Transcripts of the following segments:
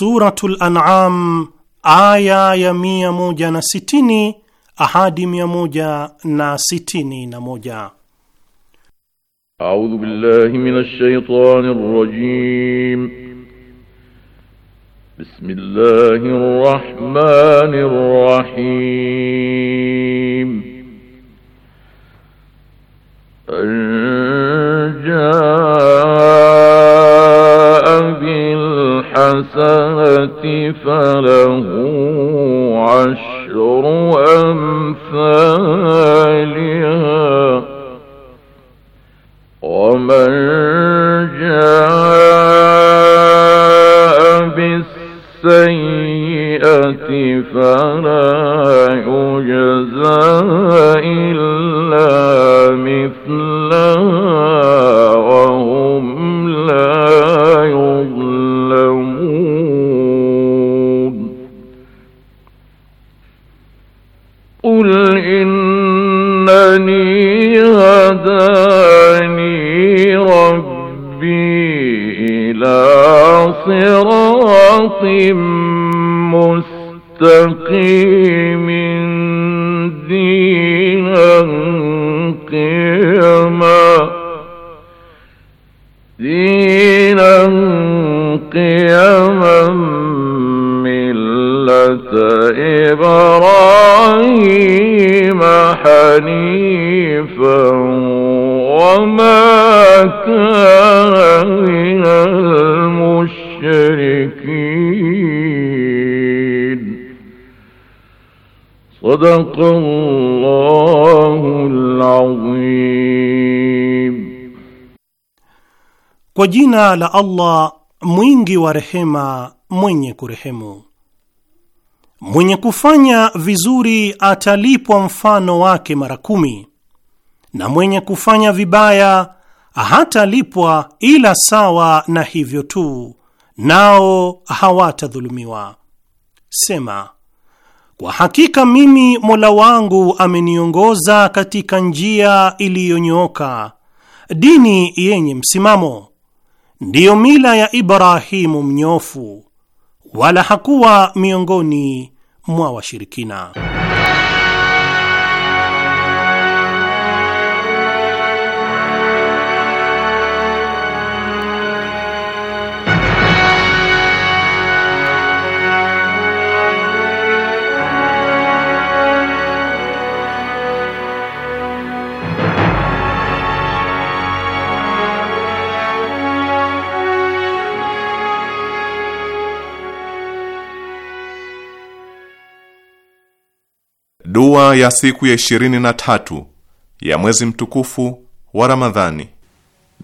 Suratul An'am aya ya mia moja na sitini ahadi mia moja na sitini na moja. A'udhu billahi minash shaitanir rajim. Bismillahir rahmanir rahim. An الحسنة فله عشر أمثالها ومن جاء بالسيئة فلا يجزى إلا مثلها ربي إلى صراط مستقيم دينا قيما دينا قيما ملة إبراهيم حنيفا وما كان من المشركين صدق الله العظيم Kwa jina la Allah mwingi wa rehema mwenye kurehemu. Mwenye kufanya vizuri atalipwa mfano wake mara kumi na mwenye kufanya vibaya hatalipwa ila sawa na hivyo tu, nao hawatadhulumiwa. Sema, kwa hakika mimi Mola wangu ameniongoza katika njia iliyonyooka, dini yenye msimamo, ndiyo mila ya Ibrahimu mnyofu, wala hakuwa miongoni mwa washirikina. Dua ya siku ya ishirini na tatu ya mwezi mtukufu wa Ramadhani.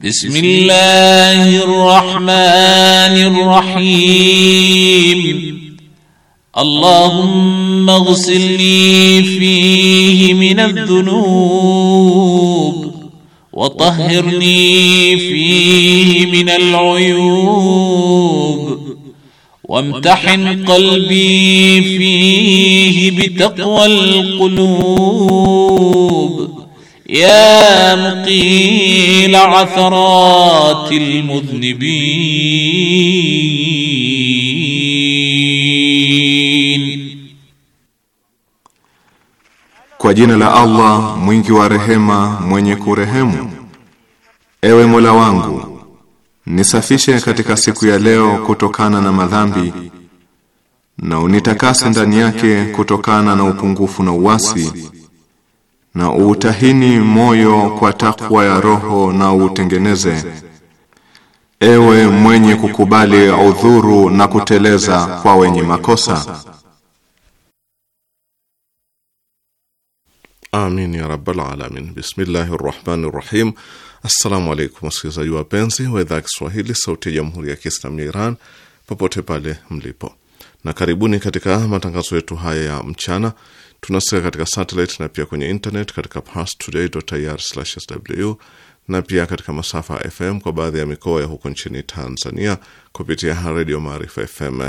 Bismillahirrahmanirrahim. Allahumma ighsilni fihi min adh-dhunub wa tahhirni fihi min al-uyub وامتحن قلبي فيه بتقوى القلوب يا مقيل عثرات المذنبين Kwa jina la Allah mwingi wa rehema mwenye kurehemu Ewe Mola wangu Nisafishe katika siku ya leo kutokana na madhambi na unitakase ndani yake kutokana na upungufu na uwasi na utahini moyo kwa takwa ya roho na utengeneze ewe mwenye kukubali udhuru na kuteleza kwa wenye makosa amin ya rabbal alamin bismillahir rahmanir rahim Assalamu alaikum wasikilizaji wapenzi wa idhaa ya Kiswahili sauti ya jamhuri ya kiislamu ya Iran popote pale mlipo, na karibuni katika matangazo yetu haya ya mchana. tunasika katika satellite na pia kwenye internet katika parstoday.ir/sw na pia katika masafa ya FM kwa baadhi ya mikoa ya huko nchini Tanzania kupitia redio Maarifa FM.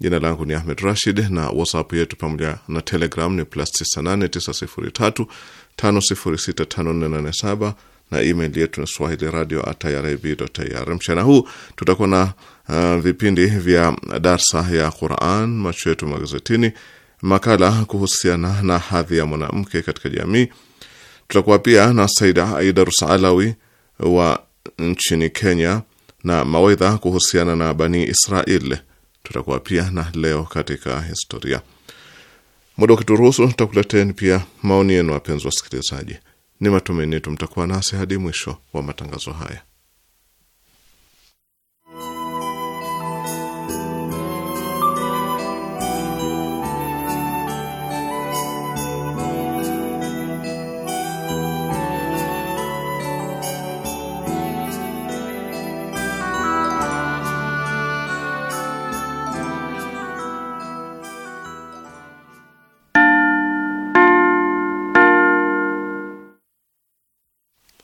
Jina langu ni Ahmed Rashid na WhatsApp yetu pamoja na Telegram ni plus 989035065487 na email yetu ni swahili radio @irib.ir. Mchana huu tutakuwa na uh, vipindi vya darsa ya Quran, macho yetu magazetini, makala kuhusiana na hadhi ya mwanamke katika jamii. Tutakuwa pia na Saida Aidarus Alawi wa nchini Kenya na mawaidha kuhusiana na Bani Israel. Tutakuwa pia na leo katika historia. Muda ukituruhusu, tutakuleteni pia maoni yenu, wapenzi wasikilizaji. Ni matumaini yetu mtakuwa nasi hadi mwisho wa matangazo haya.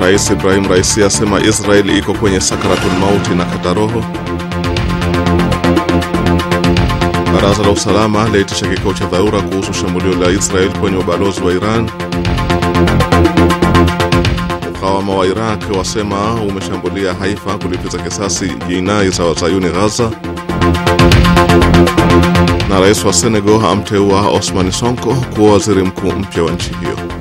Rais Ibrahim Raisi asema israel iko kwenye sakaratul mauti na kata roho. Baraza la usalama laitisha kikao cha dharura kuhusu shambulio la israel kwenye ubalozi wa Iran. ukawama wa Iraq wasema umeshambulia Haifa kulipiza kisasi jinai za wazayuni Ghaza. Na rais wa Senegal amteua Osman Sonko kuwa waziri mkuu mpya wa nchi hiyo.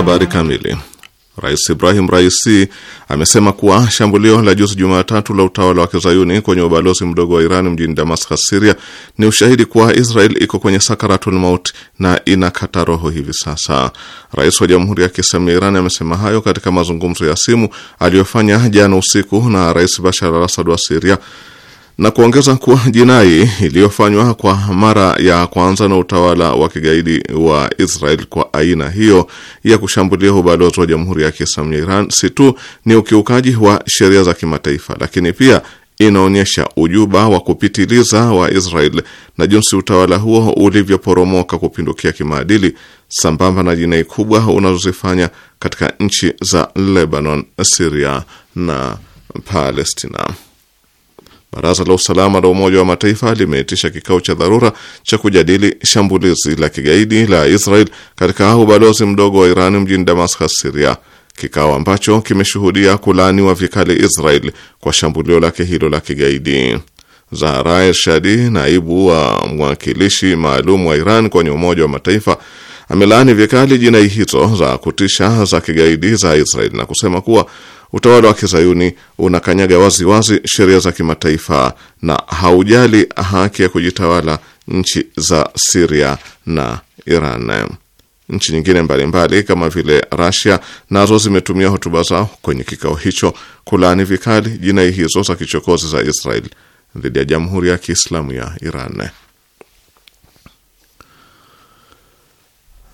Habari kamili. Rais Ibrahim Raisi amesema kuwa shambulio la juzi Jumatatu la utawala wa kizayuni kwenye ubalozi mdogo wa Iran mjini Damascus, Siria ni ushahidi kuwa Israel iko kwenye sakaratul maut na inakata roho hivi sasa. Rais wa Jamhuri ya Kiislamu ya Iran amesema hayo katika mazungumzo ya simu aliyofanya jana usiku na Rais Bashar al Asad wa Siria na kuongeza kuwa jinai iliyofanywa kwa mara ya kwanza na utawala wa kigaidi wa Israel kwa aina hiyo ya kushambulia ubalozi wa Jamhuri ya Kiislamu ya Iran si tu ni ukiukaji wa sheria za kimataifa, lakini pia inaonyesha ujuba wa kupitiliza wa Israel na jinsi utawala huo ulivyoporomoka kupindukia kimaadili, sambamba na jinai kubwa unazozifanya katika nchi za Lebanon, Syria na Palestina. Baraza la usalama la Umoja wa Mataifa limeitisha kikao cha dharura cha kujadili shambulizi la kigaidi la Israel katika ubalozi mdogo wa Iran mjini Damascus, Syria, kikao ambacho kimeshuhudia kulaaniwa vikali Israel kwa shambulio lake hilo la kigaidi. Zahra Ershadi, naibu wa mwakilishi maalum wa Iran kwenye Umoja wa Mataifa, amelaani vikali jinai hizo za kutisha za kigaidi za Israeli na kusema kuwa utawala wa kizayuni unakanyaga waziwazi sheria za kimataifa na haujali haki ya kujitawala nchi za Siria na Iran. Nchi nyingine mbalimbali mbali, kama vile Rasia nazo zimetumia hotuba zao kwenye kikao hicho kulaani vikali jinai hizo za kichokozi za Israel dhidi ya Jamhuri ya Kiislamu ya Iran.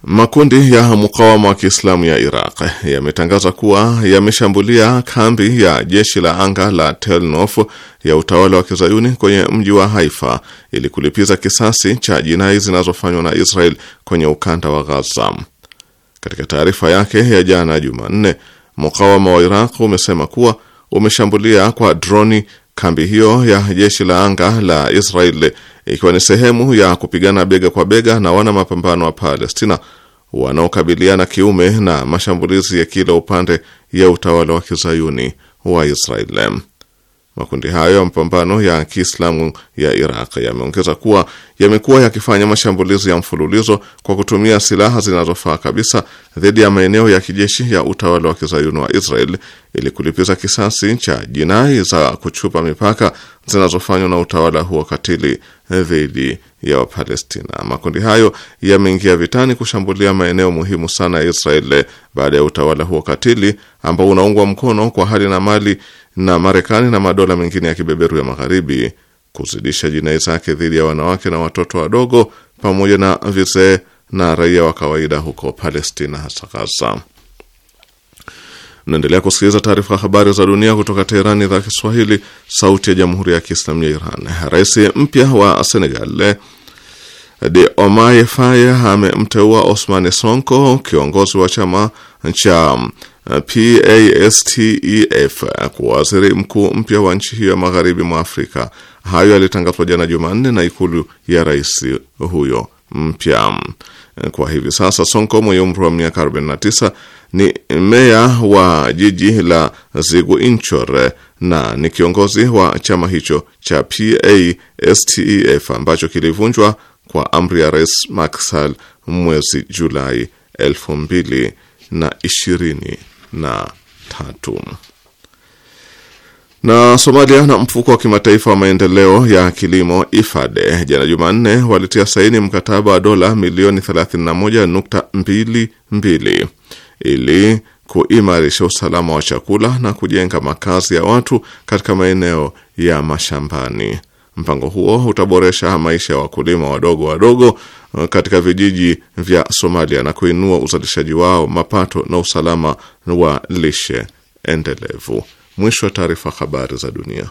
Makundi ya mukawama wa Kiislamu ya Iraq yametangaza kuwa yameshambulia kambi ya jeshi la anga la Telnof ya utawala wa Kizayuni kwenye mji wa Haifa ili kulipiza kisasi cha jinai zinazofanywa na Israel kwenye ukanda wa Gaza. Katika taarifa yake ya jana Jumanne, mukawama wa Iraq umesema kuwa umeshambulia kwa droni Kambi hiyo ya jeshi la anga la Israel ikiwa ni sehemu ya kupigana bega kwa bega na wana mapambano wa Palestina wanaokabiliana kiume na mashambulizi ya kila upande ya utawala wa kizayuni wa Israel. Makundi hayo ya mapambano ya Kiislamu ya Iraq yameongeza kuwa yamekuwa yakifanya mashambulizi ya mfululizo kwa kutumia silaha zinazofaa kabisa dhidi ya maeneo ya kijeshi ya utawala wa kizayuni wa Israel ili kulipiza kisasi cha jinai za kuchupa mipaka zinazofanywa na utawala huo katili dhidi ya Wapalestina. Makundi hayo yameingia vitani kushambulia maeneo muhimu sana ya Israel baada ya utawala huo katili ambao unaungwa mkono kwa hali na mali na Marekani na madola mengine ya kibeberu ya magharibi kuzidisha jinai zake dhidi ya wanawake na watoto wadogo pamoja na vizee na raia wa kawaida huko Palestina, hasa Gaza. Naendelea kusikiliza taarifa ya habari za dunia kutoka Teherani, idhaa Kiswahili, sauti ya jamhuri ya kiislamu ya Iran. Rais mpya wa Senegal Diomaye Faye amemteua Osmane Sonko, kiongozi wa chama cha Uh, PASTEF uh, kuwa waziri mkuu mpya wa nchi hiyo ya magharibi mwa Afrika. Hayo yalitangazwa jana Jumanne na ikulu ya rais huyo mpya. Uh, kwa hivi sasa, Sonko mwenye umri wa miaka 49 ni meya wa jiji la zigu Inchore na ni kiongozi wa chama hicho cha PASTEF ambacho kilivunjwa kwa amri ya Rais Macky Sall mwezi Julai elfu mbili na ishirini na tatu. Na Somalia na mfuko wa kimataifa wa maendeleo ya kilimo IFADE jana Jumanne walitia saini mkataba wa dola milioni 31.22 ili kuimarisha usalama wa chakula na kujenga makazi ya watu katika maeneo ya mashambani. Mpango huo utaboresha maisha ya wakulima wadogo wadogo uh, katika vijiji vya Somalia na kuinua uzalishaji wao, mapato na usalama wa lishe endelevu. Mwisho wa taarifa. Habari za dunia.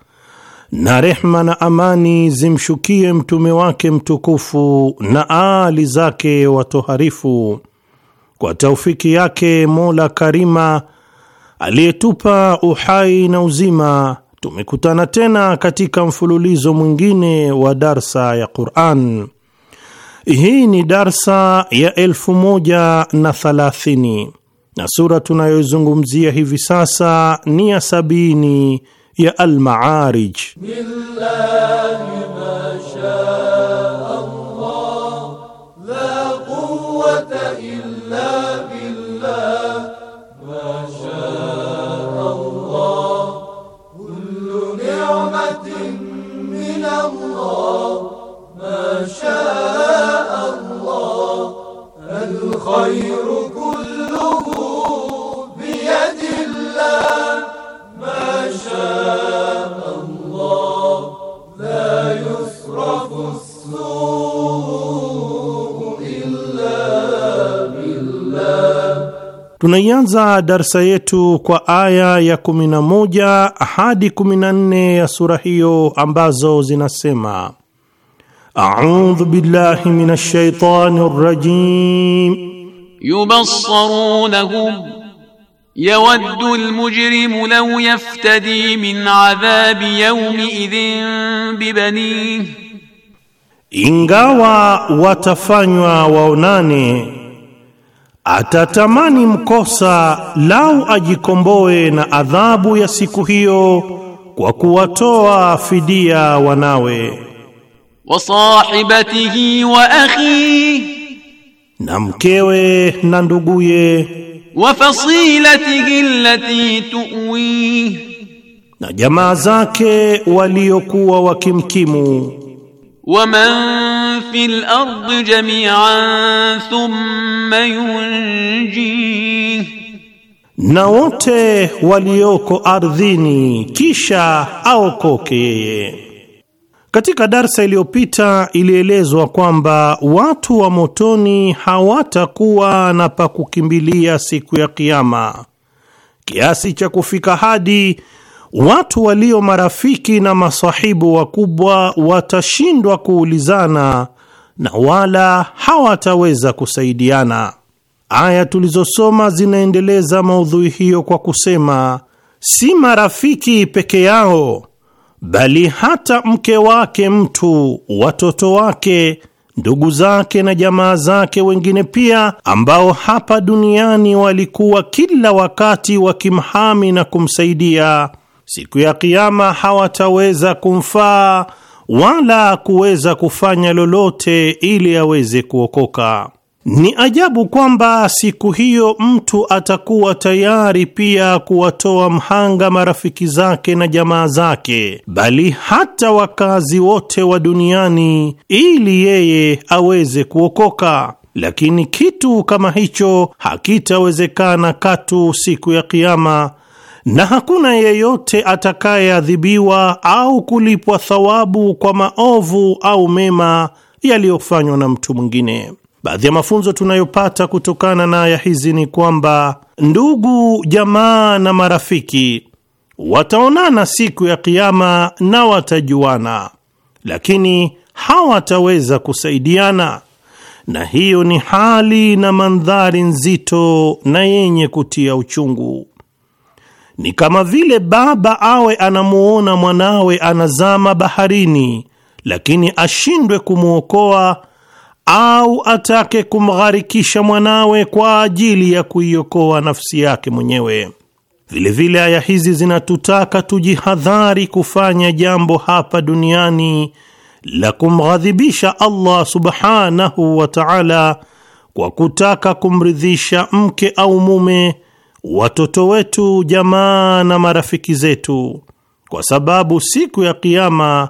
na rehma na amani zimshukie mtume wake mtukufu na aali zake watoharifu. Kwa taufiki yake Mola Karima aliyetupa uhai na uzima, tumekutana tena katika mfululizo mwingine wa darsa ya Quran. Hii ni darsa ya elfu moja na thalathini na sura tunayoizungumzia hivi sasa ni ya sabini يا المعارج بالله ما شاء الله لا قوة إلا بالله ما شاء الله كل نعمة من الله ما شاء الله الخير كله بيد الله Tunaianza darsa yetu kwa aya ya 11 hadi 14 ya sura hiyo ambazo zinasema: audhu billahi minash shaitani rrajim yubassarunahum yawaddu almujrimu law yaftadi min adhabi yawmi idhin ingawa watafanywa waonane, atatamani mkosa lau ajikomboe na adhabu ya siku hiyo kwa kuwatoa fidia wanawe. wa sahibatihi wa akhi, na mkewe na nduguye wa fasilatihi allati tuwih, na jamaa zake waliokuwa wakimkimu. Wa man fil ardi jami'an thumma yunjih, na wote walioko ardhini kisha aokoke yeye. Katika darsa iliyopita ilielezwa kwamba watu wa motoni hawatakuwa na pa kukimbilia siku ya Kiama, kiasi cha kufika hadi watu walio marafiki na masahibu wakubwa watashindwa kuulizana na wala hawataweza kusaidiana. Aya tulizosoma zinaendeleza maudhui hiyo kwa kusema si marafiki peke yao bali hata mke wake mtu, watoto wake, ndugu zake na jamaa zake wengine pia, ambao hapa duniani walikuwa kila wakati wakimhami na kumsaidia, siku ya Kiama hawataweza kumfaa wala kuweza kufanya lolote ili aweze kuokoka. Ni ajabu kwamba siku hiyo mtu atakuwa tayari pia kuwatoa mhanga marafiki zake na jamaa zake, bali hata wakazi wote wa duniani ili yeye aweze kuokoka. Lakini kitu kama hicho hakitawezekana katu siku ya Kiama, na hakuna yeyote atakayeadhibiwa au kulipwa thawabu kwa maovu au mema yaliyofanywa na mtu mwingine. Baadhi ya mafunzo tunayopata kutokana na aya hizi ni kwamba ndugu, jamaa na marafiki wataonana siku ya Kiama na watajuana, lakini hawataweza kusaidiana, na hiyo ni hali na mandhari nzito na yenye kutia uchungu. Ni kama vile baba awe anamuona mwanawe anazama baharini, lakini ashindwe kumwokoa au atake kumgharikisha mwanawe kwa ajili ya kuiokoa nafsi yake mwenyewe. Vilevile aya hizi zinatutaka tujihadhari kufanya jambo hapa duniani la kumghadhibisha Allah subhanahu wa ta'ala kwa kutaka kumridhisha mke au mume, watoto wetu, jamaa na marafiki zetu, kwa sababu siku ya Kiyama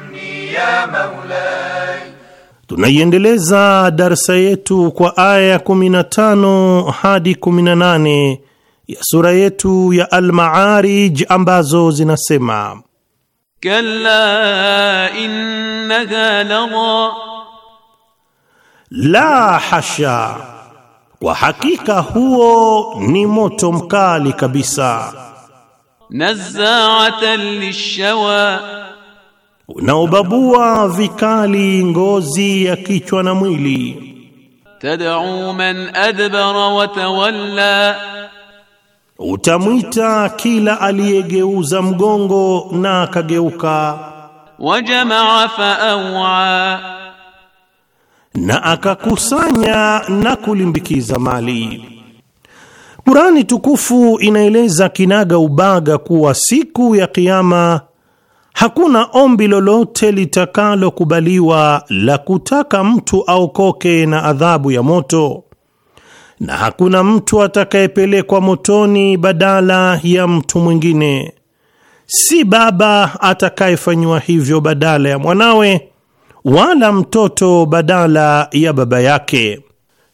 Tunaiendeleza darsa yetu kwa aya ya 15 hadi 18 ya sura yetu ya Al-Ma'arij ambazo zinasema: kalla innaha lagha, la hasha, kwa hakika huo ni moto mkali kabisa. Nazaatan lishawa unaobabua vikali ngozi ya kichwa na mwili. Tad'u man adbara wa tawalla, utamwita kila aliyegeuza mgongo na akageuka. Wajamaa faawa, na akakusanya na kulimbikiza mali. Qurani tukufu inaeleza kinaga ubaga kuwa siku ya Kiyama Hakuna ombi lolote litakalokubaliwa la kutaka mtu aokoke na adhabu ya moto, na hakuna mtu atakayepelekwa motoni badala ya mtu mwingine. Si baba atakayefanyiwa hivyo badala ya mwanawe, wala mtoto badala ya baba yake,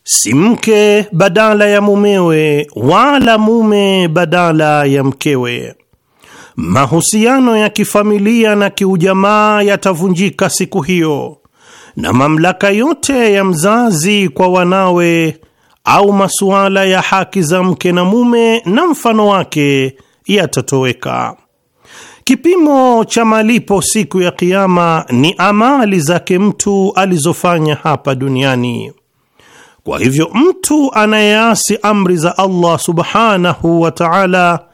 si mke badala ya mumewe, wala mume badala ya mkewe. Mahusiano ya kifamilia na kiujamaa yatavunjika siku hiyo, na mamlaka yote ya mzazi kwa wanawe au masuala ya haki za mke na mume na mfano wake yatatoweka. Kipimo cha malipo siku ya Kiama ni amali zake mtu alizofanya hapa duniani. Kwa hivyo mtu anayeasi amri za Allah subhanahu wa ta'ala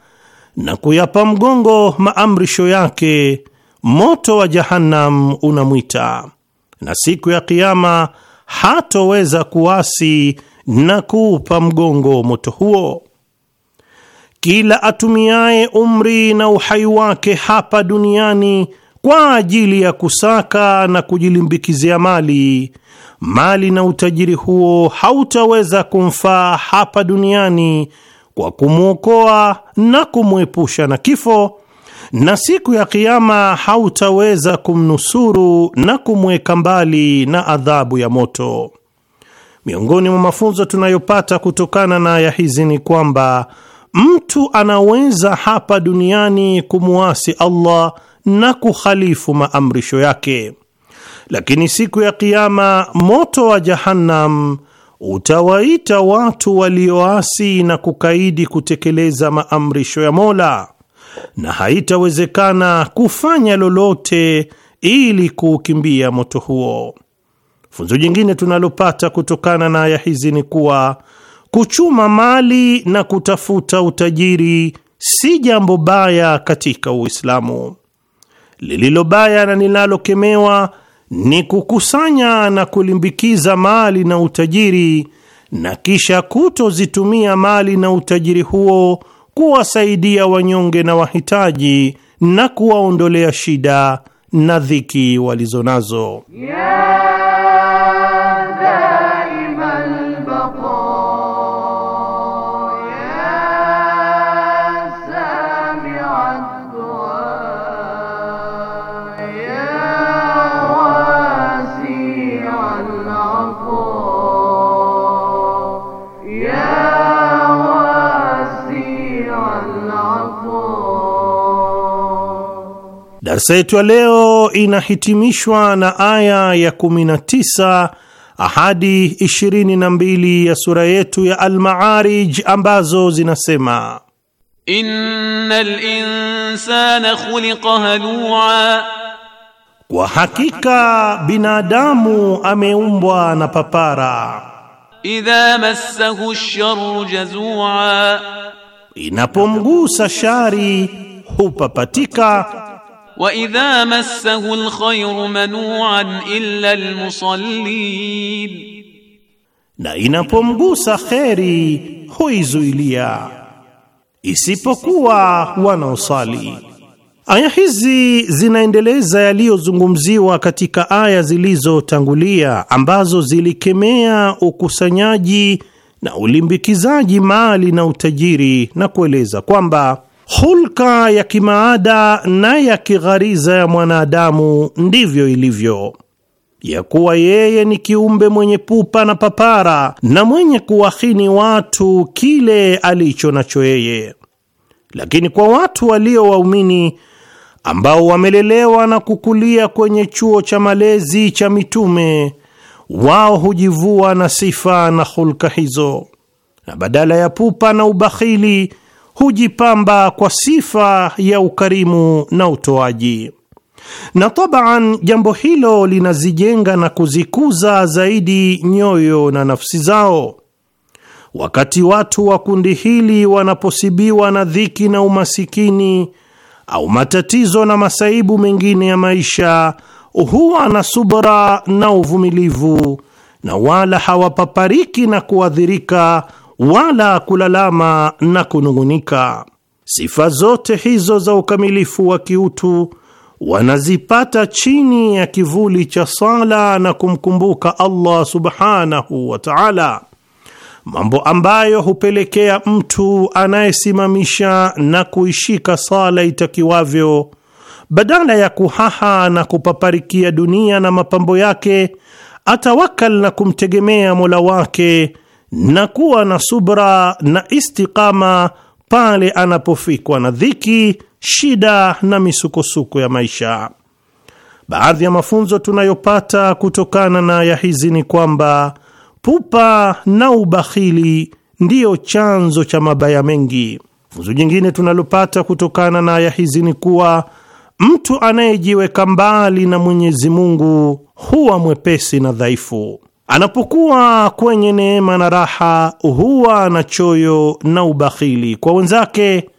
na kuyapa mgongo maamrisho yake, moto wa Jahannam unamwita, na siku ya Kiama hatoweza kuasi na kuupa mgongo moto huo. Kila atumiaye umri na uhai wake hapa duniani kwa ajili ya kusaka na kujilimbikizia mali, mali na utajiri huo hautaweza kumfaa hapa duniani kwa kumwokoa na kumwepusha na kifo, na siku ya Kiama hautaweza kumnusuru na kumweka mbali na adhabu ya moto. Miongoni mwa mafunzo tunayopata kutokana na aya hizi ni kwamba mtu anaweza hapa duniani kumuasi Allah na kukhalifu maamrisho yake, lakini siku ya Kiama moto wa Jahannam utawaita watu walioasi na kukaidi kutekeleza maamrisho ya Mola, na haitawezekana kufanya lolote ili kuukimbia moto huo. Funzo jingine tunalopata kutokana na aya hizi ni kuwa kuchuma mali na kutafuta utajiri si jambo baya katika Uislamu. Lililo baya na linalokemewa ni kukusanya na kulimbikiza mali na utajiri na kisha kutozitumia mali na utajiri huo kuwasaidia wanyonge na wahitaji na kuwaondolea shida na dhiki walizo nazo, yeah. Darsa yetu ya leo inahitimishwa na aya ya 19 ahadi 22 ya sura yetu ya almaarij ambazo zinasema innal insana khuliqa halua, kwa hakika binadamu ameumbwa na papara. Idha massahu sharru jazua, inapomgusa shari hupapatika وإذا مسه الخير manua illa almusallin, na inapomgusa kheri huizuilia isipokuwa wanaosali. Aya hizi zinaendeleza yaliyozungumziwa katika aya zilizotangulia ambazo zilikemea ukusanyaji na ulimbikizaji mali na utajiri na kueleza kwamba Hulka ya kimaada na ya kighariza ya mwanadamu ndivyo ilivyo, ya kuwa yeye ni kiumbe mwenye pupa na papara na mwenye kuwahini watu kile alicho nacho yeye. Lakini kwa watu walio waumini ambao wamelelewa na kukulia kwenye chuo cha malezi cha mitume, wao hujivua na sifa na hulka hizo, na badala ya pupa na ubakhili hujipamba kwa sifa ya ukarimu na utoaji, na tabaan, jambo hilo linazijenga na kuzikuza zaidi nyoyo na nafsi zao. Wakati watu wa kundi hili wanaposibiwa na dhiki na umasikini au matatizo na masaibu mengine ya maisha, huwa na subra na uvumilivu na wala hawapapariki na kuadhirika wala kulalama na kunung'unika. Sifa zote hizo za ukamilifu wa kiutu wanazipata chini ya kivuli cha sala na kumkumbuka Allah subhanahu wa ta'ala, mambo ambayo hupelekea mtu anayesimamisha na kuishika sala itakiwavyo badala ya kuhaha na kupaparikia dunia na mapambo yake, atawakal na kumtegemea Mola wake na kuwa na subra na istiqama pale anapofikwa na dhiki, shida na misukosuko ya maisha. Baadhi ya mafunzo tunayopata kutokana na aya hizi ni kwamba pupa na ubakhili ndiyo chanzo cha mabaya mengi. Funzo jingine tunalopata kutokana na aya hizi ni kuwa mtu anayejiweka mbali na Mwenyezi Mungu huwa mwepesi na dhaifu. Anapokuwa kwenye neema na raha, huwa na choyo na ubakhili kwa wenzake,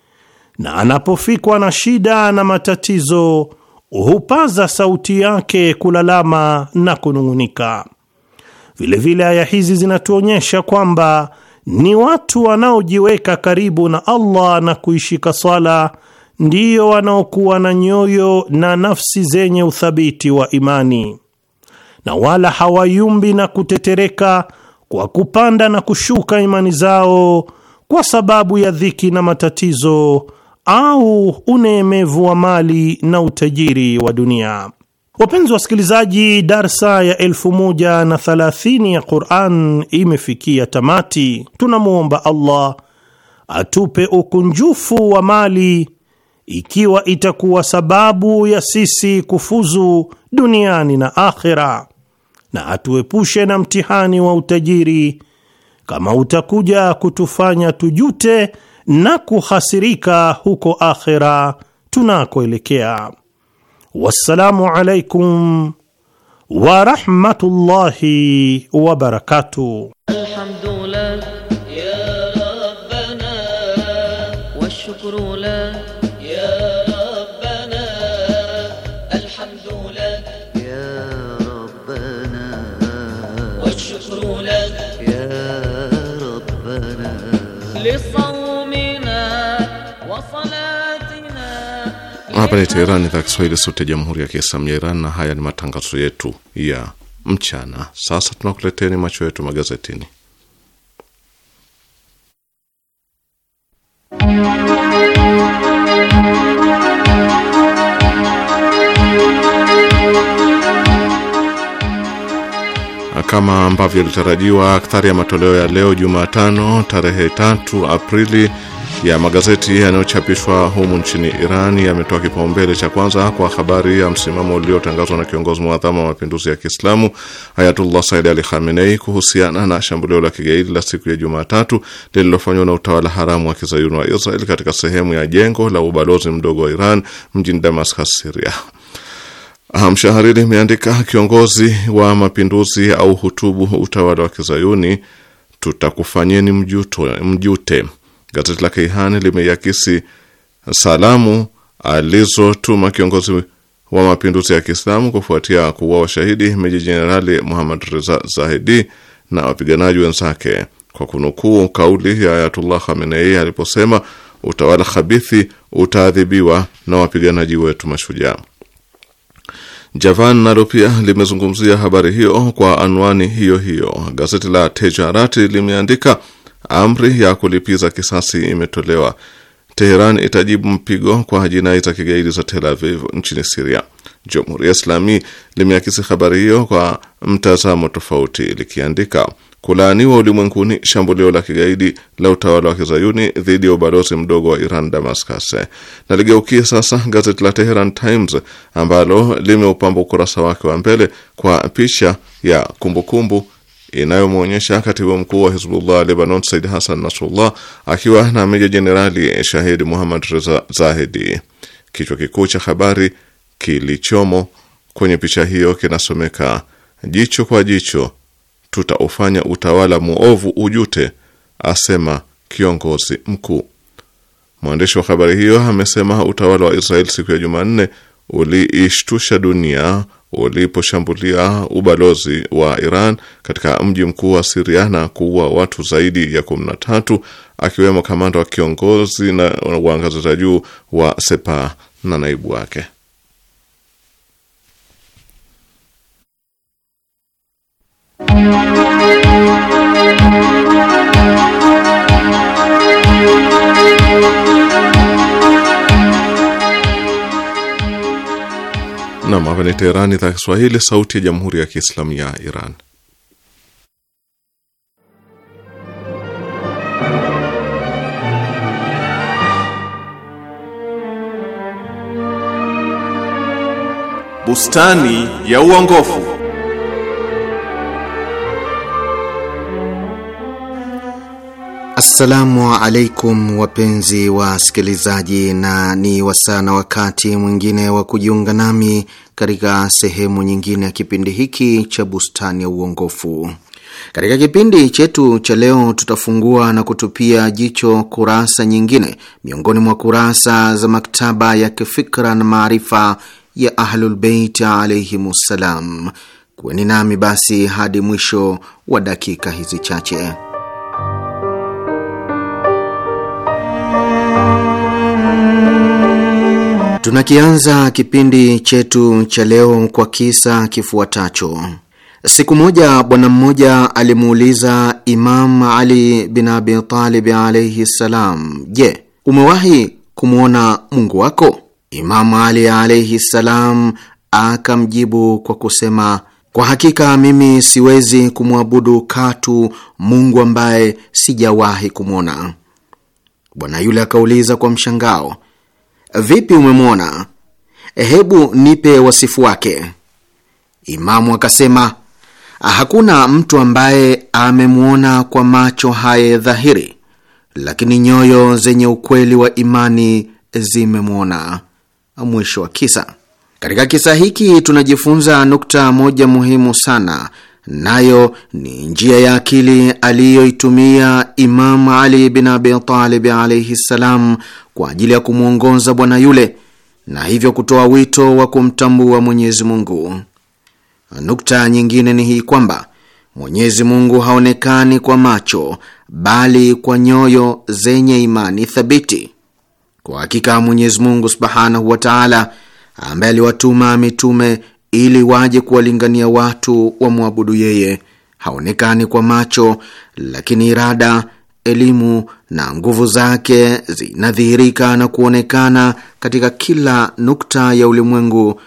na anapofikwa na shida na matatizo, hupaza sauti yake kulalama na kunung'unika. Vilevile aya hizi zinatuonyesha kwamba ni watu wanaojiweka karibu na Allah na kuishika sala ndiyo wanaokuwa na nyoyo na nafsi zenye uthabiti wa imani na wala hawayumbi na kutetereka kwa kupanda na kushuka imani zao kwa sababu ya dhiki na matatizo au uneemevu wa mali na utajiri wa dunia. Wapenzi wasikilizaji, darsa ya 1130 ya Quran imefikia tamati. Tunamwomba Allah atupe ukunjufu wa mali ikiwa itakuwa sababu ya sisi kufuzu duniani na akhera na atuepushe na mtihani wa utajiri kama utakuja kutufanya tujute na kuhasirika huko akhera tunakoelekea. Wassalamu alaikum warahmatullahi wabarakatuh. Hapa ni Teherani, idhaa Kiswahili, sauti ya jamhuri ya kiislamu ya Iran, na haya ni matangazo yetu ya mchana. Sasa tunakuleteni macho yetu magazetini. kama ambavyo ilitarajiwa, akthari ya matoleo ya leo Jumatano tarehe tatu Aprili ya magazeti yanayochapishwa humu nchini Iran yametoa kipaumbele cha kwanza kwa habari ya msimamo uliotangazwa na kiongozi mwadhama wa mapinduzi ya Kiislamu Ayatullah Said Ali Khamenei kuhusiana na shambulio la kigaidi la siku ya Jumatatu lililofanywa na utawala haramu wa kizayuni wa Israel katika sehemu ya jengo la ubalozi mdogo wa Iran mjini Damascus, Siria. Mshahari limeandika kiongozi wa mapinduzi au hutubu utawala wa Kizayuni, tutakufanyeni mjute. Gazeti la Keihani limeiakisi salamu alizotuma kiongozi wa mapinduzi ya Kiislamu kufuatia kuwa shahidi meji jenerali Muhammad Reza Zahidi na wapiganaji wenzake kwa kunukuu kauli ya Ayatullah Khamenei aliposema, utawala khabithi utaadhibiwa na wapiganaji wetu mashujaa. Javan nalo pia limezungumzia habari hiyo kwa anwani hiyo hiyo. Gazeti la Tejarati limeandika amri ya kulipiza kisasi imetolewa, Teheran itajibu mpigo kwa jinai za kigaidi za Tel Aviv nchini Siria. Jamhuri ya Islami limeakisi habari hiyo kwa mtazamo tofauti likiandika kulaaniwa ulimwenguni shambulio la kigaidi la utawala wa kizayuni dhidi ya ubalozi mdogo wa Iran Damascus. Naligeukia sasa gazeti la Teheran Times ambalo limeupamba ukurasa wake wa mbele kwa picha ya kumbukumbu inayomwonyesha katibu mkuu wa Hizbullah Lebanon Said Hassan Nasrullah akiwa na meja jenerali shahidi Muhammad Reza Zahidi. Kichwa kikuu cha habari kilichomo kwenye picha hiyo kinasomeka jicho kwa jicho tutaufanya utawala muovu ujute, asema kiongozi mkuu. Mwandishi wa habari hiyo amesema utawala wa israel siku ya Jumanne uliishtusha dunia uliposhambulia ubalozi wa Iran katika mji mkuu wa Siria na kuua watu zaidi ya tatu akiwemo kamanda wa kiongozi na wa ngazi za juu wa sepa na naibu wake. Nam, hapa ni Teherani, idhaa Kiswahili, sauti ya jamhuri ya kiislamu ya Iran. Bustani ya Uongofu. Assalamu alaikum wapenzi wa sikilizaji, na ni wasaa na wakati mwingine wa kujiunga nami katika sehemu nyingine ya kipindi hiki cha Bustani ya Uongofu. Katika kipindi chetu cha leo, tutafungua na kutupia jicho kurasa nyingine miongoni mwa kurasa za maktaba ya kifikra na maarifa ya Ahlulbeit alaihimussalam. Kuweni nami basi hadi mwisho wa dakika hizi chache. Tunakianza kipindi chetu cha leo kwa kisa kifuatacho. Siku moja bwana mmoja alimuuliza Imam Ali bin Abi Talib alaihi ssalam, je, umewahi kumwona Mungu wako? Imam Ali alaihi ssalam akamjibu kwa kusema, kwa hakika mimi siwezi kumwabudu katu Mungu ambaye sijawahi kumwona. Bwana yule akauliza kwa mshangao vipi umemwona? Hebu nipe wasifu wake. Imamu akasema, hakuna mtu ambaye amemwona kwa macho haya dhahiri, lakini nyoyo zenye ukweli wa imani zimemwona. Mwisho wa kisa. Katika kisa hiki tunajifunza nukta moja muhimu sana, nayo ni njia ya akili aliyoitumia Imamu Ali bin Abi Talib alaihi ssalam kwa ajili ya kumwongoza bwana yule na hivyo kutoa wito wa kumtambua Mwenyezi Mungu. Nukta nyingine ni hii kwamba Mwenyezi Mungu haonekani kwa macho bali kwa nyoyo zenye imani thabiti. Kwa hakika Mwenyezi Mungu subhanahu wa taala, ambaye aliwatuma mitume ili waje kuwalingania watu wamwabudu yeye, haonekani kwa macho, lakini irada elimu na nguvu zake zinadhihirika na kuonekana katika kila nukta ya ulimwengu,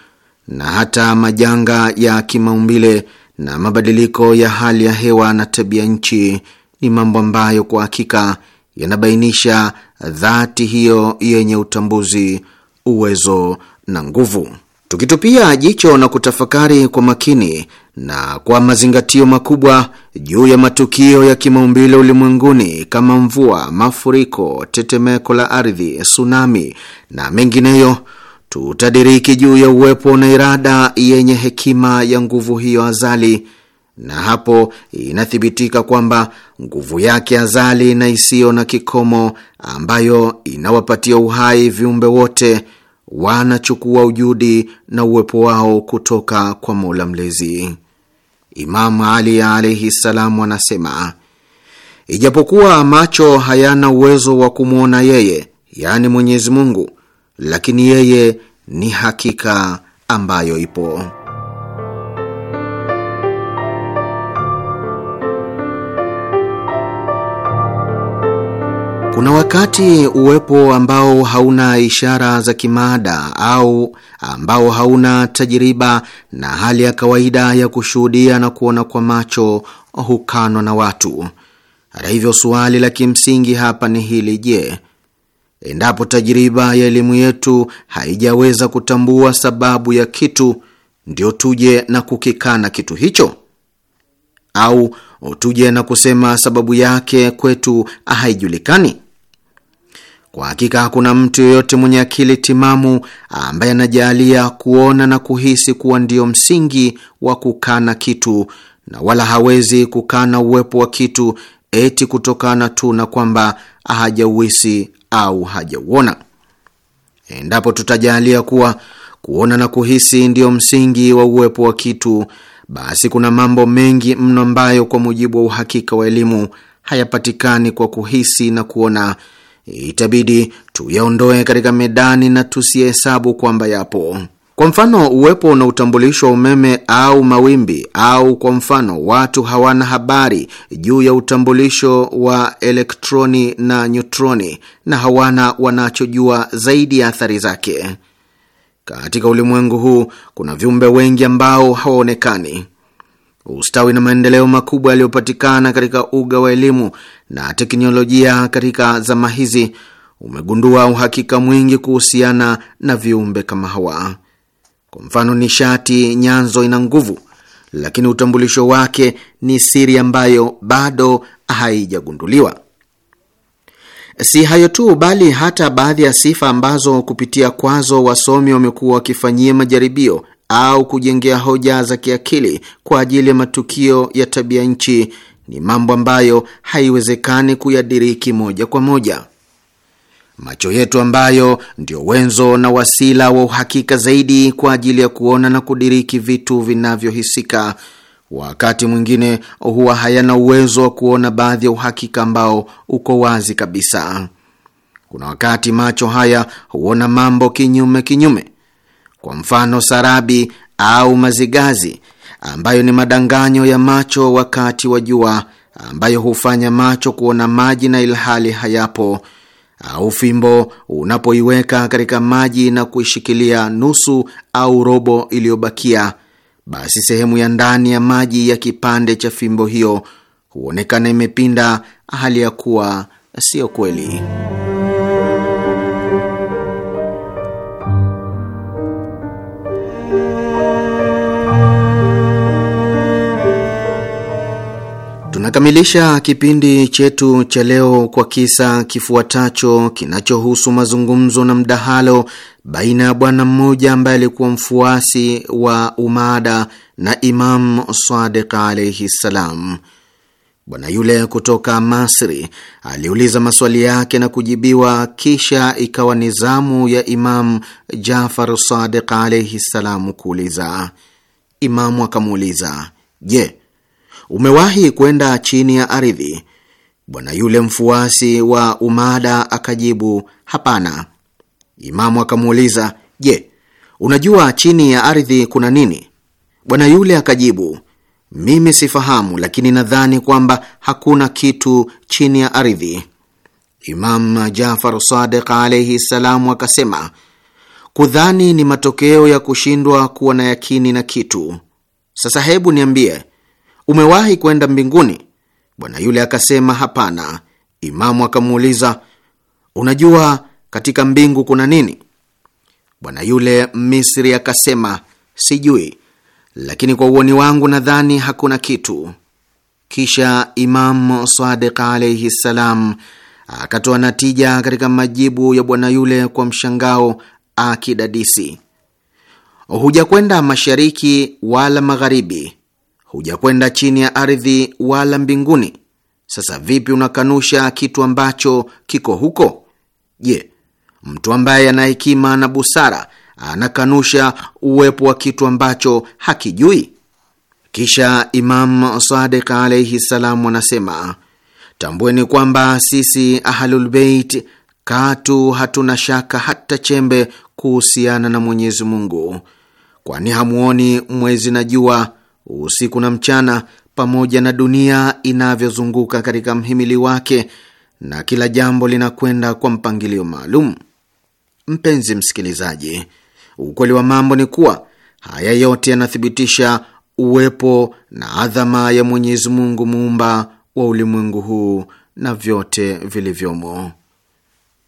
na hata majanga ya kimaumbile na mabadiliko ya hali ya hewa na tabia nchi ni mambo ambayo kwa hakika yanabainisha dhati hiyo yenye utambuzi, uwezo na nguvu. Tukitupia jicho na kutafakari kwa makini na kwa mazingatio makubwa juu ya matukio ya kimaumbile ulimwenguni kama mvua, mafuriko, tetemeko la ardhi, tsunami na mengineyo, tutadiriki juu ya uwepo na irada yenye hekima ya nguvu hiyo azali, na hapo inathibitika kwamba nguvu yake azali na isiyo na kikomo ambayo inawapatia uhai viumbe wote wanachukua ujudi na uwepo wao kutoka kwa Mola Mlezi. Imamu Ali alaihi salamu anasema, ijapokuwa macho hayana uwezo wa kumwona yeye, yaani Mwenyezi Mungu, lakini yeye ni hakika ambayo ipo. Kuna wakati uwepo ambao hauna ishara za kimaada au ambao hauna tajiriba na hali ya kawaida ya kushuhudia na kuona kwa macho hukanwa na watu. Hata hivyo, suali la kimsingi hapa ni hili: je, endapo tajiriba ya elimu yetu haijaweza kutambua sababu ya kitu, ndio tuje na kukikana kitu hicho? au utuje na kusema sababu yake kwetu haijulikani? Kwa hakika hakuna mtu yeyote mwenye akili timamu ambaye anajaalia kuona na kuhisi kuwa ndiyo msingi wa kukana kitu, na wala hawezi kukana uwepo wa kitu eti kutokana tu na kwamba hajauhisi au hajauona. Endapo tutajaalia kuwa kuona na kuhisi ndiyo msingi wa uwepo wa kitu, basi kuna mambo mengi mno ambayo kwa mujibu wa uhakika wa elimu hayapatikani kwa kuhisi na kuona. Itabidi tuyaondoe katika medani na tusihesabu kwamba yapo. Kwa mfano, uwepo na utambulisho wa umeme au mawimbi, au kwa mfano, watu hawana habari juu ya utambulisho wa elektroni na nyutroni, na hawana wanachojua zaidi ya athari zake. Katika ulimwengu huu kuna viumbe wengi ambao hawaonekani. Ustawi na maendeleo makubwa yaliyopatikana katika uga wa elimu na teknolojia katika zama hizi umegundua uhakika mwingi kuhusiana na viumbe kama hawa. Kwa mfano, nishati nyanzo ina nguvu, lakini utambulisho wake ni siri ambayo bado haijagunduliwa. Si hayo tu, bali hata baadhi ya sifa ambazo kupitia kwazo wasomi wamekuwa wakifanyia majaribio au kujengea hoja za kiakili kwa ajili ya matukio ya tabia nchi ni mambo ambayo haiwezekani kuyadiriki moja kwa moja. Macho yetu ambayo ndio wenzo na wasila wa uhakika zaidi kwa ajili ya kuona na kudiriki vitu vinavyohisika wakati mwingine huwa hayana uwezo wa kuona baadhi ya uhakika ambao uko wazi kabisa. Kuna wakati macho haya huona mambo kinyume kinyume, kwa mfano sarabi au mazigazi, ambayo ni madanganyo ya macho wakati wa jua, ambayo hufanya macho kuona maji na ilhali hayapo, au fimbo unapoiweka katika maji na kuishikilia nusu au robo iliyobakia basi sehemu ya ndani ya maji ya kipande cha fimbo hiyo huonekana imepinda, hali ya kuwa siyo kweli. Tunakamilisha kipindi chetu cha leo kwa kisa kifuatacho kinachohusu mazungumzo na mdahalo baina ya bwana mmoja ambaye alikuwa mfuasi wa umada na Imam Sadiq alaihi ssalam. Bwana yule kutoka Masri aliuliza maswali yake na kujibiwa, kisha ikawa ni zamu ya Imam Jafar Sadiq alaihi ssalam kuuliza. Imamu akamuuliza, je, umewahi kwenda chini ya ardhi? Bwana yule mfuasi wa umada akajibu, hapana. Imamu akamuuliza, je, unajua chini ya ardhi kuna nini? Bwana yule akajibu, mimi sifahamu, lakini nadhani kwamba hakuna kitu chini ya ardhi. Imam Jafar Sadiq alaihi ssalamu akasema, kudhani ni matokeo ya kushindwa kuwa na yakini na kitu. Sasa hebu niambie, umewahi kwenda mbinguni? Bwana yule akasema, hapana. Imamu akamuuliza, unajua katika mbingu kuna nini? Bwana yule Misri akasema, sijui, lakini kwa uoni wangu nadhani hakuna kitu. Kisha Imamu Sadiq alaihi ssalam akatoa natija katika majibu ya bwana yule kwa mshangao akidadisi, hujakwenda mashariki wala magharibi hujakwenda chini ya ardhi wala mbinguni. Sasa vipi unakanusha kitu ambacho kiko huko? Je, mtu ambaye ana hekima na busara anakanusha uwepo wa kitu ambacho hakijui? Kisha Imam Sadiq alaihi salam anasema, tambueni kwamba sisi Ahlulbeit katu hatuna shaka hata chembe kuhusiana na Mwenyezi Mungu, kwani hamuoni mwezi na jua usiku na mchana, pamoja na dunia inavyozunguka katika mhimili wake, na kila jambo linakwenda kwa mpangilio maalum. Mpenzi msikilizaji, ukweli wa mambo ni kuwa haya yote yanathibitisha uwepo na adhama ya Mwenyezi Mungu muumba wa ulimwengu huu na vyote vilivyomo.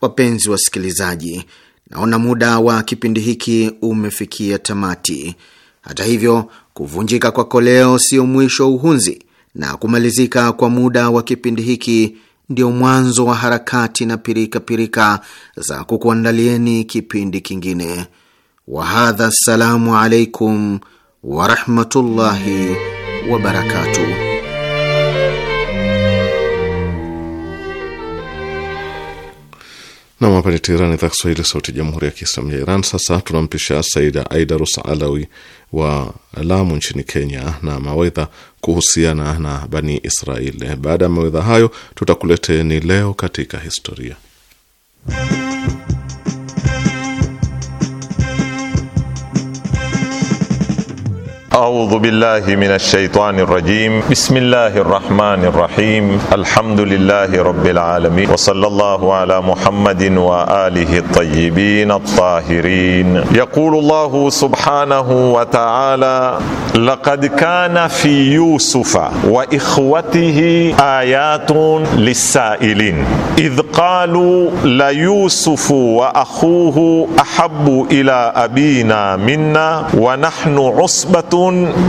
Wapenzi wasikilizaji, naona muda wa kipindi hiki umefikia tamati. Hata hivyo, Kuvunjika kwako leo sio mwisho wa uhunzi, na kumalizika kwa muda wa kipindi hiki ndio mwanzo wa harakati na pirikapirika pirika za kukuandalieni kipindi kingine. Wahadha, assalamu alaikum warahmatullahi wabarakatuh. Nam, hapa ni Teherani, idhaa Kiswahili, sauti ya jamhuri ya kiislamu ya Iran. Sasa tunampisha Saida Aidarus Alawi wa Lamu nchini Kenya na mawaidha kuhusiana na Bani Israeli. Baada ya mawaidha hayo, tutakuleteni leo katika historia أعوذ بالله من الشيطان الرجيم بسم الله الرحمن الرحيم الحمد لله رب العالمين وصلى الله على محمد وآله الطيبين الطاهرين يقول الله سبحانه وتعالى لقد كان في يوسف وإخوته آيات للسائلين إذ قالوا ليوسف وأخوه أحب إلى أبينا منا ونحن عصبة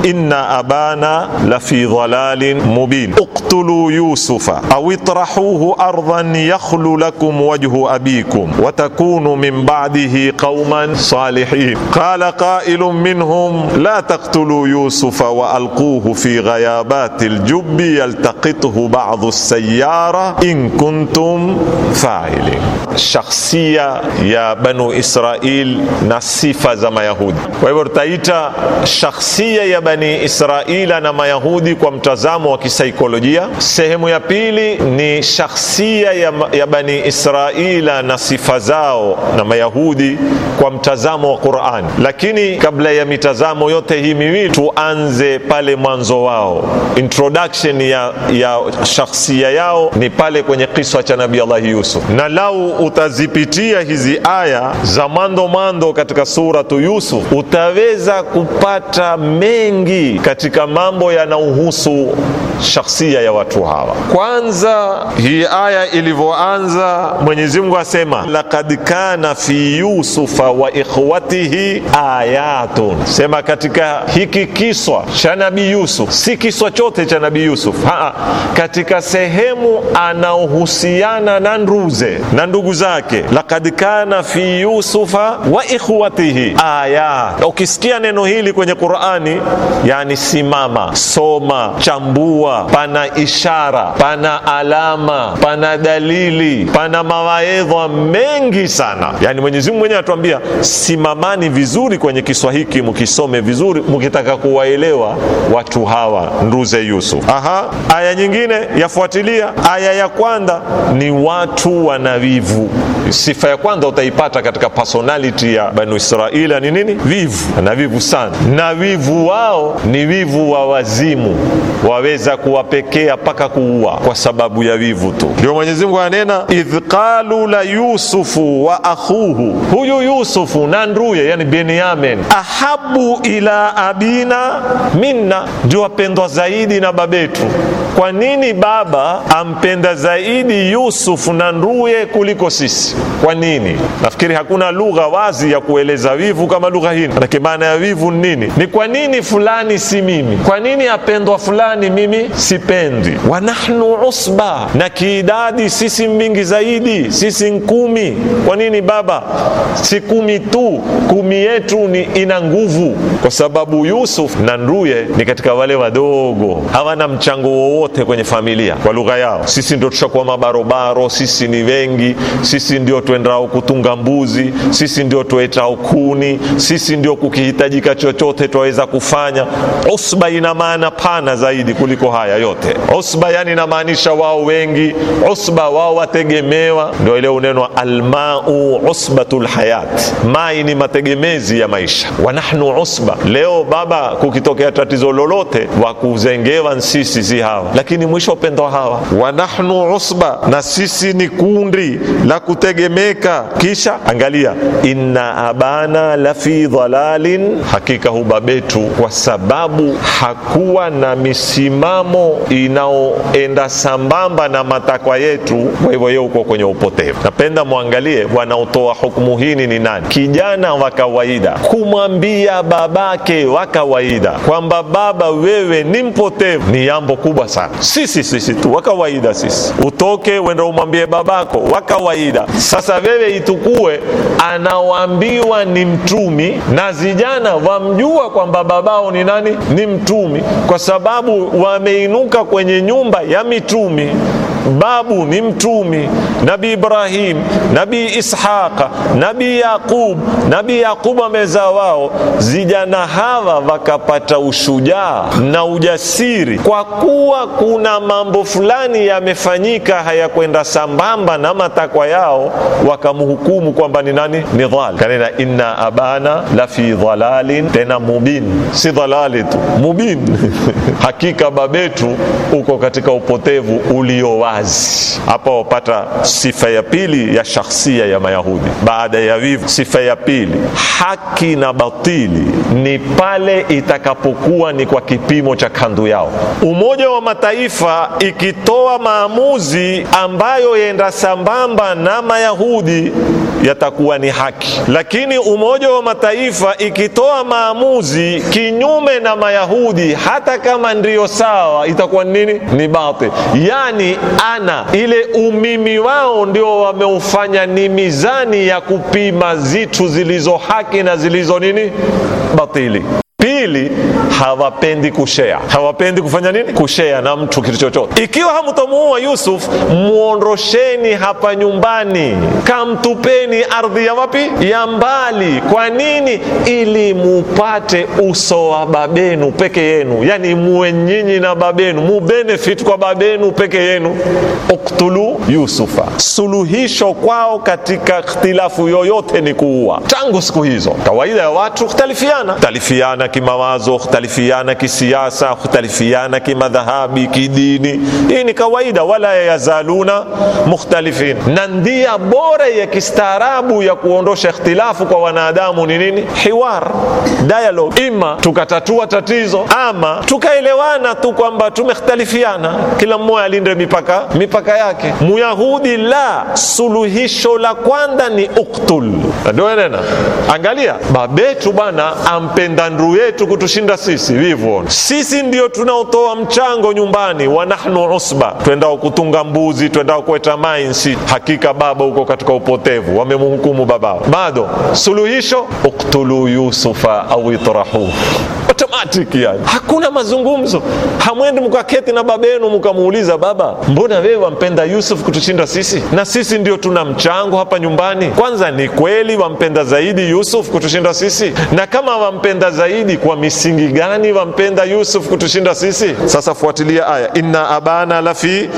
إن أبانا لفي ضلال مبين اقتلوا يوسف أو اطرحوه أرضا يخل لكم وجه أبيكم وتكونوا من بعده قوما صالحين قال قائل منهم لا تقتلوا يوسف وألقوه في غيابات الجب يلتقطه بعض السيارة إن كنتم فاعلين شخصية يا بنو إسرائيل na sifa يهود ويبرتايتا شخصية hatia ya Bani Israila na Mayahudi kwa mtazamo wa kisaikolojia. Sehemu ya pili ni shakhsia ya, ya Bani Israila na sifa zao na Mayahudi kwa mtazamo wa qurani Lakini kabla ya mitazamo yote hii miwili, tuanze pale mwanzo wao. Introduction ya, ya shakhsia yao ni pale kwenye kiswa cha nabi allahi Yusuf, na lau utazipitia hizi aya za mwanzo mwanzo katika suratu Yusuf utaweza kupata mengi katika mambo yanayohusu shakhsia ya watu hawa. Kwanza hii aya ilivyoanza, Mwenyezi Mungu asema laqad kana fi yusufa wa ikhwatihi ayatun, sema katika hiki kiswa cha Nabii Yusuf, si kiswa chote cha Nabii Yusuf ha, katika sehemu anaohusiana na nduze na ndugu zake, laqad kana fi yusufa wa ikhwatihi aya. Ukisikia neno hili kwenye Qur'ani, yani simama, soma, chambua kuwa pana ishara, pana alama, pana dalili, pana mawaidha mengi sana. Yani Mwenyezi Mungu mwenyewe atuambia, simamani vizuri kwenye kiswa hiki, mkisome vizuri mkitaka kuwaelewa watu hawa, nduze Yusuf. Aha, aya nyingine yafuatilia aya ya kwanza, ni watu wanavivu Sifa ya kwanza utaipata katika personality ya Banu Israila ni nini? Vivu na vivu sana, na wivu wao ni wivu wa wazimu, waweza kuwapekea mpaka kuua kwa sababu ya wivu tu. Ndio Mwenyezi Mungu anena idh qalu la yusufu wa akhuhu, huyu Yusufu na nduye, yani Benyamin, ahabu ila abina minna, ndio wapendwa zaidi na babetu kwa nini baba ampenda zaidi yusuf na nduye kuliko sisi? Kwa nini? Nafikiri hakuna lugha wazi ya kueleza wivu kama lugha hii, manake maana ya wivu nnini nini? Ni kwa nini fulani si mimi? Kwa nini apendwa fulani mimi sipendi? wa nahnu usba, na kiidadi sisi mingi zaidi, sisi nkumi. Kwa nini baba si kumi tu? Kumi yetu ni ina nguvu, kwa sababu Yusuf na nduye ni katika wale wadogo, hawana mchango wowote wote kwenye familia kwa lugha yao, sisi ndio tutakuwa mabarobaro, sisi ni wengi, sisi ndio tuendao kutunga mbuzi, sisi ndio tuetao kuni, sisi ndio kukihitajika chochote twaweza kufanya. Usba ina maana pana zaidi kuliko haya yote. Usba yani inamaanisha wao wengi, usba wao wategemewa, ndio ile unenwa almau usbatul hayat, mai ni mategemezi ya maisha. Wa nahnu usba, leo baba, kukitokea tatizo lolote, wakuzengewa nsisi si hawa lakini mwisho upendo hawa wa nahnu usba, na sisi ni kundi la kutegemeka. Kisha angalia, inna abana lafi dhalalin, hakika hubabetu, kwa sababu hakuwa na misimamo inaoenda sambamba na matakwa yetu. Kwa hivyo yeye uko kwenye upotevu. Napenda mwangalie wanaotoa hukumu hini ni nani? Kijana wa kawaida kumwambia babake wa kawaida kwamba baba, wewe ni mpotevu ni jambo kubwa sana sana. Sisi sisi tu wa kawaida sisi, utoke wende umwambie babako wa kawaida. Sasa wewe itukue anawaambiwa ni mtumi, na zijana wamjua kwamba babao ni nani? Ni mtumi, kwa sababu wameinuka kwenye nyumba ya mitumi babu ni mtumi nabi ibrahim nabi ishaqa nabi yaqub nabi yaqub ameza wao zijana hawa wakapata ushujaa na ujasiri kwa kuwa kuna mambo fulani yamefanyika hayakwenda sambamba na matakwa yao wakamhukumu kwamba ni nani ni dhal kanena inna abana la fi dhalalin tena mubin si dhalali tu mubin hakika babetu uko katika upotevu uliowa wazi. Hapa wapata sifa ya pili ya shakhsia ya Mayahudi baada ya wivu. Sifa ya pili, haki na batili ni pale itakapokuwa ni kwa kipimo cha kandu yao. Umoja wa Mataifa ikitoa maamuzi ambayo yaenda sambamba na Mayahudi yatakuwa ni haki, lakini Umoja wa Mataifa ikitoa maamuzi kinyume na Mayahudi hata kama ndiyo sawa, itakuwa nini? Ni batil. Yani ana, ile umimi wao ndio wameufanya ni mizani ya kupima zitu zilizo haki na zilizo nini, batili. Pili, hawapendi kushea, hawapendi kufanya nini? Kushea na mtu kitu chochote. Ikiwa hamtomuua Yusuf, muondosheni hapa nyumbani, kamtupeni ardhi ya wapi? Ya mbali. Kwa nini? Ili mupate uso wa babenu peke yenu, yani muwe nyinyi na babenu, mubenefit kwa babenu peke yenu. Uktulu Yusufa, suluhisho kwao katika ikhtilafu yoyote ni kuua. Tangu siku hizo kawaida ya watu kutalifiana talifiana kimawazo, khtalifiana kisiasa, khtalifiana kimadhahabi, kidini. Hii ni kawaida, wala yazaluna mukhtalifin. Na ndia bora ya kistaarabu ya kuondosha ikhtilafu kwa wanadamu ni nini? Hiwar, dialogue. Ima tukatatua tatizo ama tukaelewana tu kwamba tumekhtalifiana, kila mmoja alinde mipaka mipaka yake. Muyahudi la suluhisho la kwanza ni uktul. Ndio nena, angalia babetu bana ampenda nduye yetu kutushinda sisi, vivyo sisi ndio tunaotoa mchango nyumbani. wa nahnu usba, twendao kutunga mbuzi, twendao kuweta mainsi. Hakika baba huko katika upotevu, wamemhukumu babao. Bado suluhisho, uktulu yusufa au itrahu automatic. Yani hakuna mazungumzo, hamwendi mkaketi na baba yenu mkamuuliza, baba, mbona wewe wampenda Yusuf kutushinda sisi, na sisi ndio tuna mchango hapa nyumbani? Kwanza ni kweli wampenda zaidi Yusuf kutushinda sisi, na kama wampenda zaidi ni kwa misingi gani wampenda Yusuf kutushinda sisi? Sasa fuatilia aya, inna abana lafi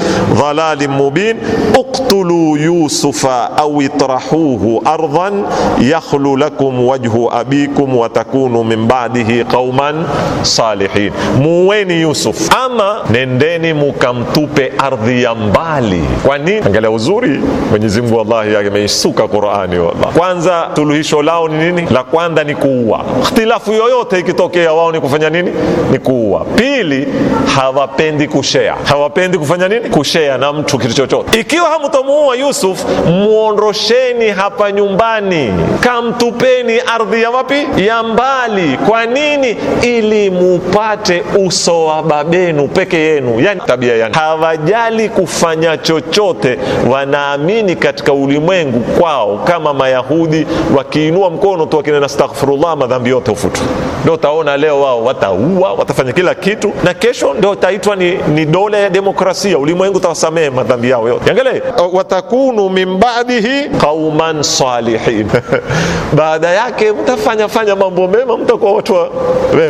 dhalalin mubin, uktulu yusufa au itrahuhu ardhan yakhlu lakum wajhu abikum watakunu min ba'dihi qauman salihin, muweni Yusuf ama nendeni mukamtupe ardhi ya mbali. Kwa nini? Angalia uzuri Mwenyezi Mungu wallahi ameisuka Qur'ani. Wallahi, kwanza suluhisho lao ni nini? La kwanza ni kuua. Ikhtilafu yoyote ikitokea wao ni kufanya nini? Ni kuua. Pili, hawapendi kushea hawapendi kufanya nini? kushea na mtu kitu chochote. Ikiwa hamtomuua Yusuf, muondosheni hapa nyumbani, kamtupeni ardhi ya wapi? Ya mbali. Kwa nini? Ili mupate uso wa babenu peke yenu. Yani tabia yani, hawajali kufanya chochote, wanaamini katika ulimwengu kwao, kama Mayahudi wakiinua mkono tu wakinena astaghfirullah, madhambi yote ufutu ndo utaona leo wao wataua, watafanya kila kitu, na kesho ndo utaitwa ni, ni dole ya demokrasia. Ulimwengu utawasamehe madhambi yao yote. Angalia, uh, watakunu min baadihi qauman salihin baada yake mtafanya fanya mambo mema, mtakuwa watu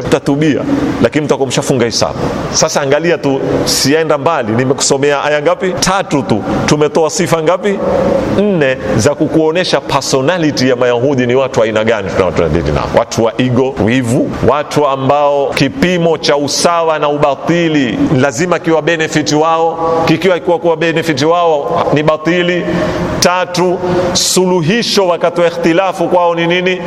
mtatubia, lakini mtakuwa mshafunga hisabu. Sasa angalia tu, sienda mbali, nimekusomea aya ngapi? Tatu tu. Tumetoa sifa ngapi? Nne, za kukuonesha personality ya Mayahudi ni watu aina gani. Tunaotadili nao watu wa ego, wivu watu ambao kipimo cha usawa na ubatili lazima kiwa benefiti wao, kikiwa kuwa kuwa benefit wao ni batili. Tatu, suluhisho wakati wa ikhtilafu kwao ni nini?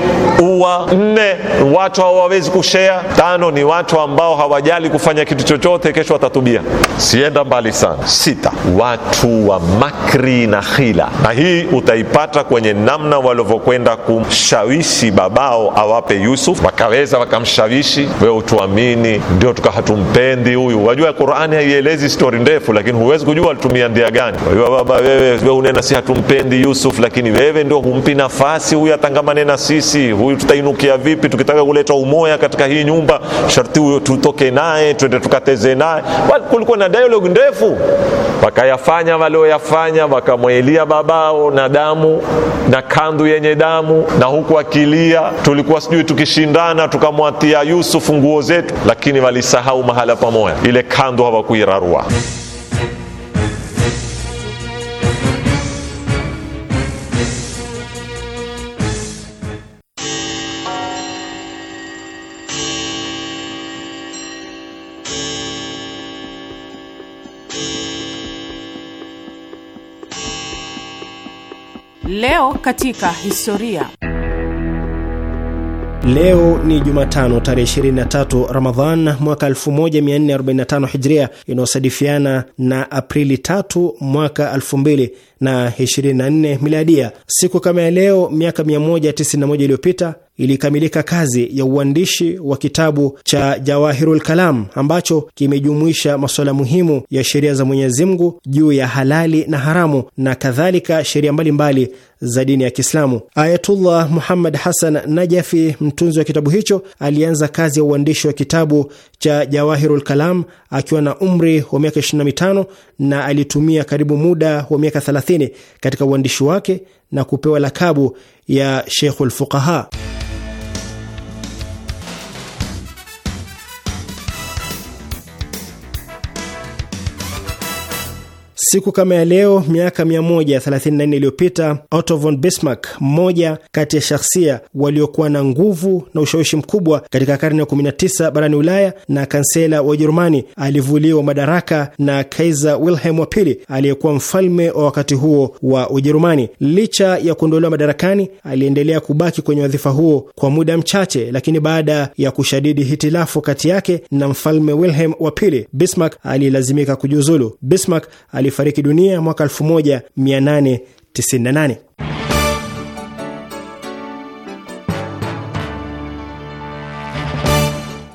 Uwa. Nne, watu hawawezi kushea. Tano, ni watu ambao hawajali kufanya kitu chochote, kesho watatubia. Sienda mbali sana. Sita, watu wa makri na hila, na hii utaipata kwenye namna walivyokwenda kumshawishi babao awape Yusuf, wakaweza akamshawishi wewe utuamini, ndio tuka hatumpendi huyu. Wajua Qur'ani haielezi stori ndefu, lakini huwezi kujua alitumia ndia gani. Wajua baba, wewe wewe unena si hatumpendi Yusuf, lakini wewe ndio humpi nafasi huyu atangamane na sisi. Huyu tutainukia vipi? Tukitaka kuleta umoya katika hii nyumba, sharti huyo tutoke naye, twende tukateze naye. Kulikuwa na dialogue ndefu, wakayafanya walioyafanya, wakamwelia babao na damu na kandu yenye damu, na huku akilia, tulikuwa sijui tukishindana tuka wakamwatia Yusufu nguo zetu, lakini walisahau mahala pamoja, ile kando hawakuirarua. Leo katika historia Leo ni Jumatano tarehe 23 Ramadhan mwaka 1445 Hijria, inayosadifiana na Aprili 3 mwaka 2024 Miladia. Siku kama ya leo miaka 191 iliyopita ilikamilika kazi ya uandishi wa kitabu cha Jawahirul Kalam ambacho kimejumuisha masuala muhimu ya sheria za Mwenyezi Mungu juu ya halali na haramu na kadhalika sheria mbalimbali za dini ya Kiislamu. Ayatullah Muhammad Hassan Najafi, mtunzi wa kitabu hicho, alianza kazi ya uandishi wa kitabu cha Jawahirul Kalam akiwa na umri wa miaka 25 na alitumia karibu muda wa miaka 30 katika uandishi wake na kupewa lakabu ya Sheikhul Fuqaha. Siku kama ya leo miaka 134 iliyopita Otto von Bismarck, mmoja kati ya shahsia waliokuwa na nguvu na ushawishi mkubwa katika karne ya 19 barani Ulaya na kansela wa Ujerumani, alivuliwa madaraka na Kaiser Wilhelm wa pili aliyekuwa mfalme wa wakati huo wa Ujerumani. Licha ya kuondolewa madarakani, aliendelea kubaki kwenye wadhifa huo kwa muda mchache, lakini baada ya kushadidi hitilafu kati yake na mfalme Wilhelm wa pili, Bismarck alilazimika kujiuzulu. Bismarck alifariki dunia mwaka 1898.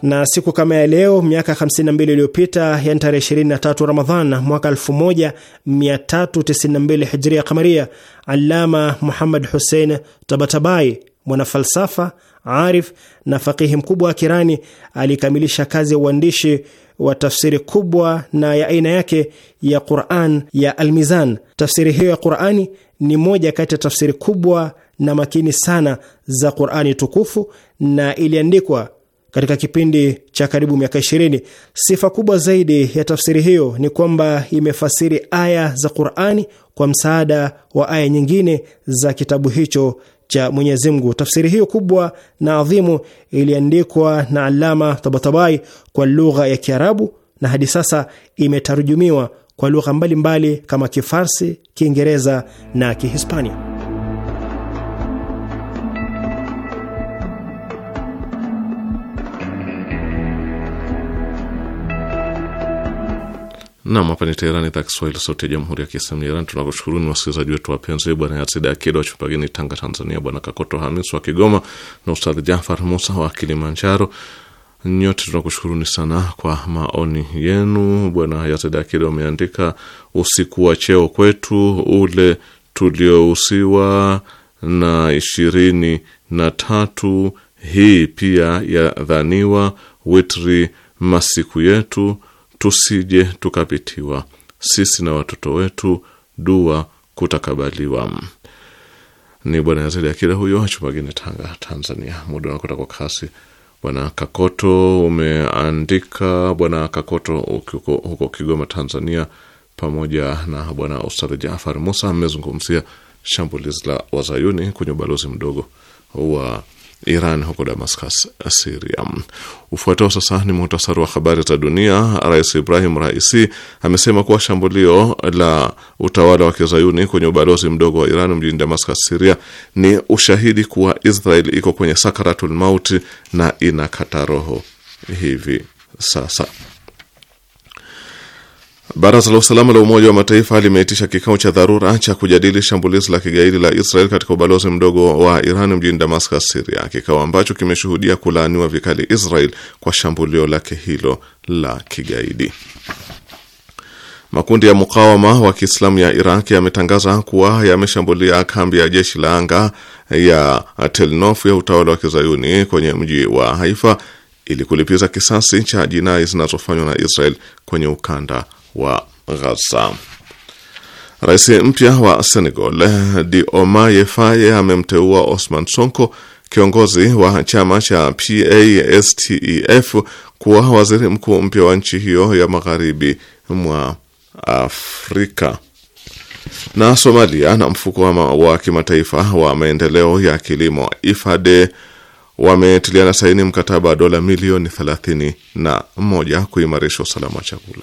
na siku kama ya leo miaka 52 iliyopita, yani tarehe 23 Ramadhan mwaka 1392 hijria kamaria, alama Muhammad Hussein Tabatabai, mwanafalsafa arif na fakihi mkubwa wa Kirani, alikamilisha kazi ya uandishi wa tafsiri kubwa na ya aina yake ya Quran ya Almizan. Tafsiri hiyo ya Qurani ni moja kati ya tafsiri kubwa na makini sana za Qurani tukufu na iliandikwa katika kipindi cha karibu miaka 20. Sifa kubwa zaidi ya tafsiri hiyo ni kwamba imefasiri aya za Qurani kwa msaada wa aya nyingine za kitabu hicho cha Mwenyezi Mungu. Tafsiri hiyo kubwa na adhimu iliandikwa na Alama Tabatabai kwa lugha ya Kiarabu na hadi sasa imetarujumiwa kwa lugha mbalimbali kama Kifarsi, Kiingereza na Kihispania. Nam, hapa ni Teherani, idhaa Kiswahili, sauti ya jamhuri ya kiislamu ya Iran. Tunakushukuruni wasikilizaji wetu wapenzi, Bwana Yazid Akida wa Tanga, Tanzania, Bwana Kakoto Hamis wa Kigoma na Ustadh Jafar Musa wa Kilimanjaro. Nyote tunakushukuruni sana kwa maoni yenu. Bwana Yazid Akida umeandika usiku wa cheo kwetu ule tuliousiwa na ishirini na tatu, hii pia yadhaniwa witri masiku yetu tusije tukapitiwa sisi na watoto wetu dua kutakabaliwa. Ni Bwana Yazidi Akida huyo Chumagine, Tanga, Tanzania. Muda unakwenda kwa kasi. Bwana Kakoto umeandika, Bwana Kakoto huko, huko Kigoma, Tanzania, pamoja na Bwana Ustadhi Jafar Musa, amezungumzia shambulizi la wazayuni kwenye ubalozi mdogo wa Iran huko Damascus, Siria. Ufuatao sasa ni muhtasari wa habari za dunia. Rais Ibrahim Raisi amesema kuwa shambulio la utawala wa kizayuni kwenye ubalozi mdogo wa Iran mjini Damascus, siria ni ushahidi kuwa Israel iko kwenye sakaratul mauti na inakata roho hivi sasa. Baraza la usalama la Umoja wa Mataifa limeitisha kikao cha dharura cha kujadili shambulizi la kigaidi la Israel katika ubalozi mdogo wa Iran mjini Damascus, Siria, kikao ambacho kimeshuhudia kulaaniwa vikali Israel kwa shambulio lake hilo la kigaidi. Makundi ya mukawama wa Kiislamu ya Iraq yametangaza kuwa yameshambulia kambi ya jeshi la anga ya Telnof ya utawala wa kizayuni kwenye mji wa Haifa ili kulipiza kisasi cha jinai zinazofanywa na Israel kwenye ukanda wa Ghaza. Rais mpya wa Senegal Diomaye Faye amemteua Osman Sonko, kiongozi wa chama cha PASTEF, kuwa waziri mkuu mpya wa nchi hiyo ya magharibi mwa Afrika. Na Somalia na mfuko wa kimataifa wa maendeleo ya kilimo IFADE wametiliana saini mkataba wa dola milioni 31 kuimarisha usalama wa chakula.